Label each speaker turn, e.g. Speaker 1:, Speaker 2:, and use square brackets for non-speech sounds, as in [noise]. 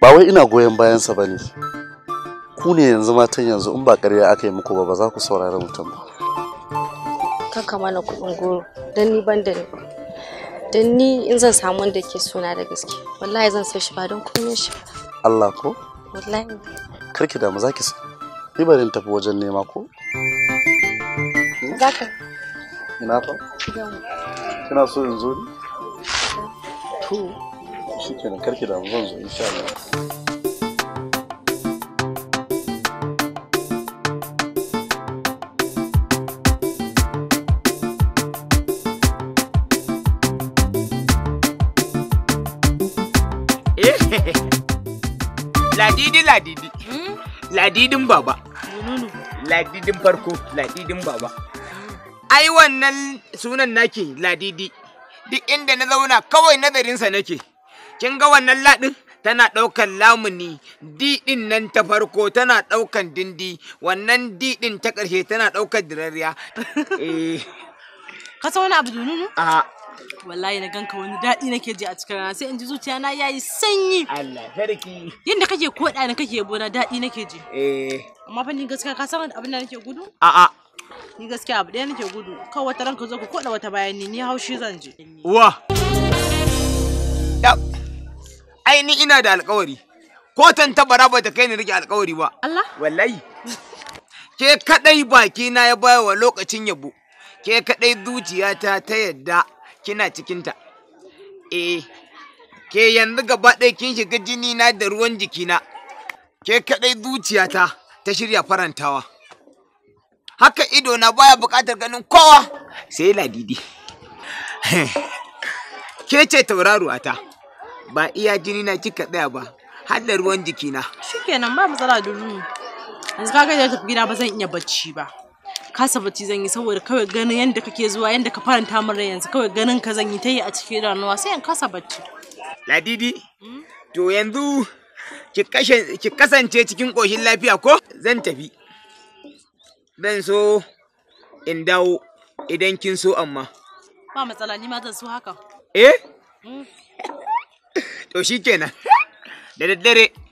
Speaker 1: ba wai ina goyon bayansa ba ne ku ne yanzu matan yanzu in ba ƙarya aka yi muku ba ba za ku saurari mutum ba
Speaker 2: kaka mana kuɗin goro don ni ban da ni don ni in zan samu wanda ke suna da gaske wallahi zan sai shi ba don kunyar shi Allah ko wallahi karki da mu zaki so ni in tafi wajen nema ko zaka ina fa kina so in zo ni
Speaker 1: to Kar karki da zan zo insha Allah eh, [laughs] Ladidi ladidi. Hmm? Ladidin baba. Ladidin farko, ladidin baba. Ai wannan sunan nake ladidi. Duk inda na zauna kawai nazarinsa nake. kin ga wannan laɗin tana ɗaukan lamuni diɗin nan ta farko tana ɗaukan dindi wannan diɗin ta ƙarshe tana ɗaukan dirariya eh. [laughs] ka
Speaker 2: san wani abu nunu wallahi na ganka wani daɗi nake ji a cikin rana sai in ji zuciya na yayi sanyi Allah sarki yanda kake koɗa na kake na daɗi nake ji eh amma fa ni gaskiya ka san abin da nake gudu a a ni gaskiya abu ɗaya nake gudu ka wata ranka zo ku koɗa wata bayani ni haushi zan je
Speaker 1: wa ai ni ina da alƙawari ko tantabara ba ta kai ni rike alƙawari ba Allah wallahi ke kadai baki na ya baya lokacin yabo ke kadai zuciyata ta yadda kina cikinta eh ke yanzu gaba ɗaya kin shiga jini na da ruwan jikina ke kadai zuciyata ta shirya farantawa haka ido na baya buƙatar ganin kowa sai ladidi [laughs] ke ce ta ba iya jini na kika daya ba har da ruwan jikina
Speaker 2: shikenan ba matsala da yanzu kaga da tafi gida ba zan iya bacci ba kasa bacci zan yi saboda kawai ganin yadda kake zuwa yanda ka faranta min rai yanzu kawai ganin ka zan yi ta yi a cikin ranuwa sai in kasa bacci
Speaker 1: ladidi hmm? to yanzu ki kasance cikin koshin lafiya ko zan tafi zan so in dawo idan kin so amma
Speaker 2: ba matsala ni ma zan so haka eh hmm?
Speaker 1: to kenan da daddare